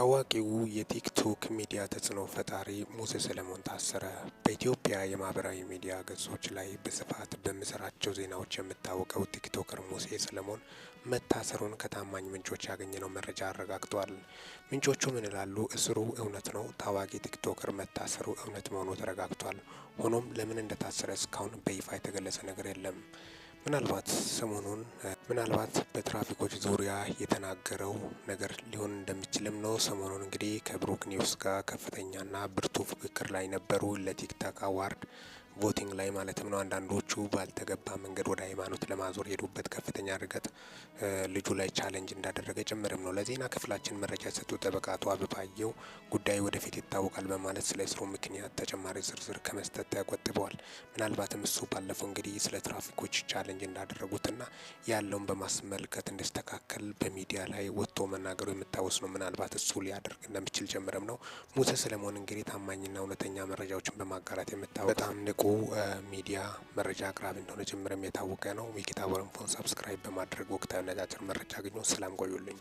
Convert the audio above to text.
ታዋቂው የቲክቶክ ሚዲያ ተጽዕኖ ፈጣሪ ሙሴ ሰለሞን ታሰረ። በኢትዮጵያ የማህበራዊ ሚዲያ ገጾች ላይ በስፋት በምስራቸው ዜናዎች የምታወቀው ቲክቶከር ሙሴ ሰለሞን መታሰሩን ከታማኝ ምንጮች ያገኘነው መረጃ አረጋግጧል። ምንጮቹ ምን ይላሉ? እስሩ እውነት ነው፣ ታዋቂ ቲክቶከር መታሰሩ እውነት መሆኑ ተረጋግቷል። ሆኖም ለምን እንደታሰረ እስካሁን በይፋ የተገለጸ ነገር የለም። ምናልባት ሰሞኑን ምናልባት በትራፊኮች ዙሪያ የተናገረው ነገር ሊሆን እንደሚችልም ነው። ሰሞኑን እንግዲህ ከብሩክ ኒውስ ጋር ከፍተኛና ብርቱ ፍክክር ላይ ነበሩ ለቲክታክ አዋርድ ቮቲንግ ላይ ማለትም ነው። አንዳንዶቹ ባልተገባ መንገድ ወደ ሃይማኖት ለማዞር የሄዱበት ከፍተኛ እርገጥ ልጁ ላይ ቻለንጅ እንዳደረገ ጭምርም ነው። ለዜና ክፍላችን መረጃ የሰጡት ጠበቃ አቶ አበባየው ጉዳዩ ወደፊት ይታወቃል በማለት ስለ እስሩ ምክንያት ተጨማሪ ዝርዝር ከመስጠት ተቆጥበዋል። ምናልባትም እሱ ባለፈው እንግዲህ ስለ ትራፊኮች ቻለንጅ እንዳደረጉትና ያለውን በማስመልከት እንዲስተካከል በሚዲያ ላይ ወጥቶ መናገሩ የምታወስ ነው። ምናልባት እሱ ሊያደርግ እንደምችል ጭምርም ነው። ሙሴ ሰለሞን እንግዲህ ታማኝና እውነተኛ መረጃዎችን በማጋራት የምታወቅ በጣም ንቁ ሚዲያ መረጃ አቅራቢ እንደሆነ ጭምርም የታወቀ ነው። ሚኪታ ወረንፎን ሰብስክራይብ በማድረግ ወቅታዊ ነጫጭር መረጃ አግኙ። ሰላም ቆዩልኝ።